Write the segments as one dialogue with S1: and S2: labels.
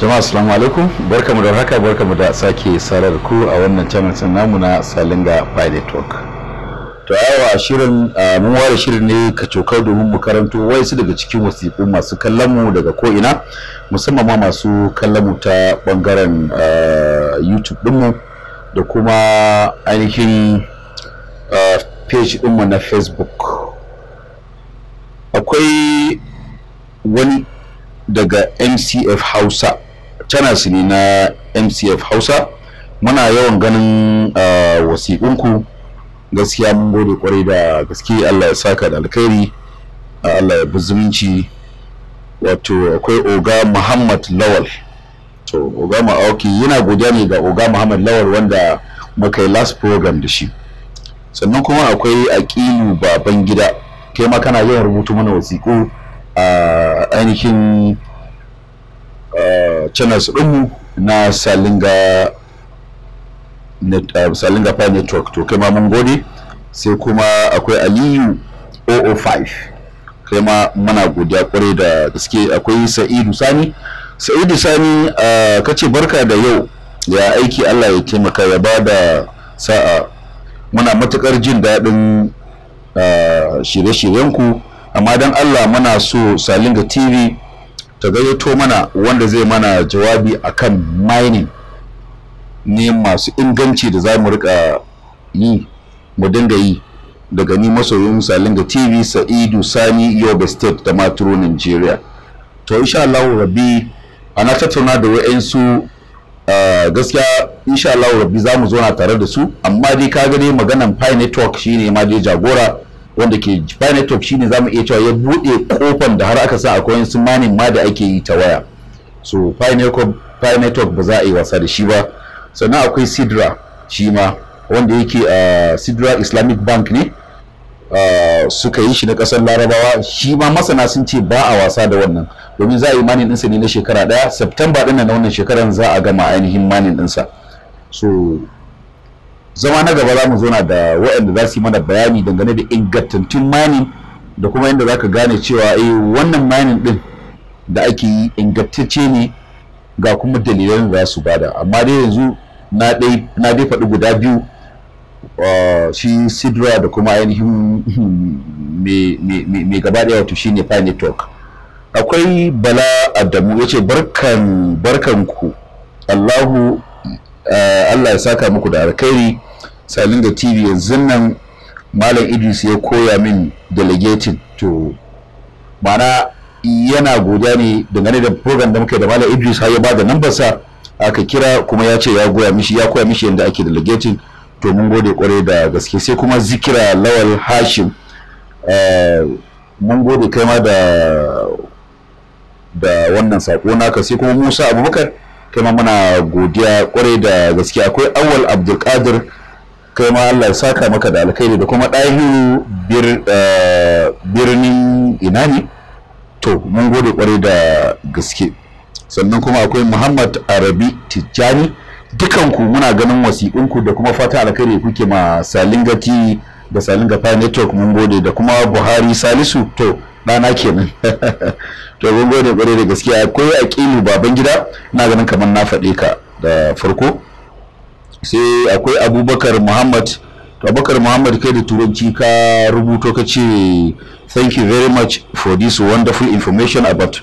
S1: jama'a assalamu alaikum barkamu da haka barkamu da sake sarar ku a wannan channel sun namu na salinga pilot talk to yawa shirin mun ware shirin ne ka cokar domin mu karanto su daga cikin wasiƙu masu kallon mu daga ko ina musamman ma masu kallon mu ta bangaren youtube dinmu da kuma ainihin page dinmu na facebook akwai wani daga mcf hausa channels ni na mcf hausa muna yawan ganin ah, wasiƙunku gaskiya mun gode kwarai da gaske allah ya saka da alkhairi ah, allah ya zumunci wato akwai oga muhammad lawal to oga ma'auki yana godiya ne ga oga muhammad lawal wanda muka yi last program da shi sannan kuma akwai aqilu baban gida kai ma kana yawan rubutu mana wasiƙo a ah, ainihin Eh, channels ɗinmu na salinga net, uh, salinga pa network to kai ma mun gode sai kuma akwai aliyu 005 kai ma muna godiya kwarai da gaske akwai sa'idu sani sa'idu sani uh, eh, kace barka da yau ya aiki allah ya taimaka ya ba da sa'a muna matukar jin daɗin uh, shirye-shiryenku amma don allah muna so salinga tv ta gayyato mana wanda zai mana jawabi akan mining ne masu inganci da za mu rika yi mu dinga yi daga ni masoyin misalin ga tv sa'idu sani yobe state da maturo nigeria to insha Allah rabbi ana tattauna da wa'ansu gaskiya insha Allah rabbi za mu zo na tare da su amma dai ka gani maganan pi network shine ma dai jagora wanda ke fine network shine zamu iya cewa ya bude kofan da har aka sa akwai su manin ma da ake yi ta waya so fine network fine network ba za a yi wasa da shi ba sannan akwai sidra shi ma wanda yake a ah, sidra islamic bank ne ah, suka yi shi na kasar larabawa shi ma masana sun ce ba a wasa da wannan domin za a yi manin ɗinsa ne na shekara ɗaya september ɗin na wannan shekaran za a gama ainihin manin ɗinsa so zama na gaba za mu zauna da waɗanda za su yi mana bayani dangane da ingantattun mining da kuma yadda za ka gane cewa eh wannan mining din da ake yi ingantacce ne ga kuma dalilan za su bada amma dai yanzu na dai faɗi guda biyu ah, shi sidra da kuma ainihin mai gaba ɗaya wato shine pi network akwai bala adamu ya ce barkan allahu eh, allah ya saka muku da alkhairi salinga tv yanzu nan malam idris ya koya min delegating to mana yana godiya ne dangane da program da muka da malam idris har ya ba da sa aka kira kuma ya ce ya goya mishi ya koya mishi yadda ake delegating to mun gode kwarai da gaske sai kuma zikira lawal hashim eh, mun gode kai ma da da wannan sako naka sai kuma musa abubakar kai ma muna godiya kwarai da gaske akwai awal abdulkadir kai ma Allah saka maka da alkhairi da kuma ɗahiru eh, birnin ina ne to mun gode kwarai da gaske sannan kuma akwai muhammad arabi tijjani dukanku muna ganin wasiƙunku da kuma fata alkhairi kuke ma salinga tv da salinga fire network mun gode da kuma buhari salisu to ɗana kenan to mun gode kwarai da gaske akwai aƙilu Babangida. na ganin kamar na faɗe ka da farko sai akwai abubakar muhammad to abubakar muhammad kai da turanci ka rubuto ka ce thank you very much for this wonderful information about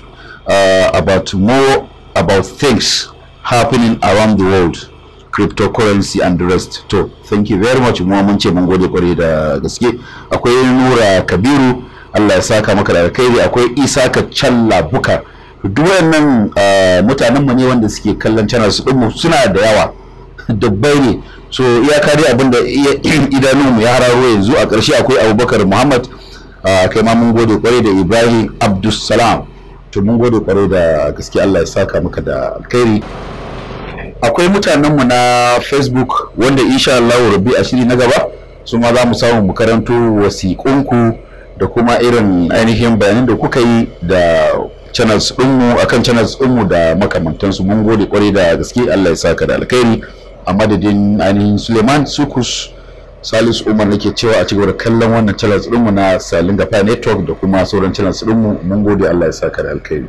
S1: uh, about more about things happening around the world cryptocurrency and the rest to thank you very much mu mun ce mun gode kwarai da gaske akwai nura kabiru allah ya saka maka da alkhairi akwai isa ka challa buka duk wayannan uh, mutanen mu ne wanda suke kallon channel su mu suna da yawa dubbai ne so iya dai abin da idanunmu ya hararo yanzu a ƙarshe akwai abubakar muhammad kai ma mun gode kwarai da ibrahim abdulsalam to mun gode kwarai da gaske allah ya saka maka da alkhairi akwai mutanenmu na facebook wanda insha allah rabbi a shiri na gaba su ma za mu samu mu karanto wasiƙunku da kuma irin ainihin bayanin da kuka yi da channels ɗinmu akan channels ɗinmu da makamantansu mun gode kwarai da gaske allah ya saka da alkhairi a madadin ainihin suleiman sukus salisu umar nake cewa a cigaba da kallon wannan channels ɗinmu na salinga network da kuma sauran channels ɗinmu mun gode allah ya ka da alkhairi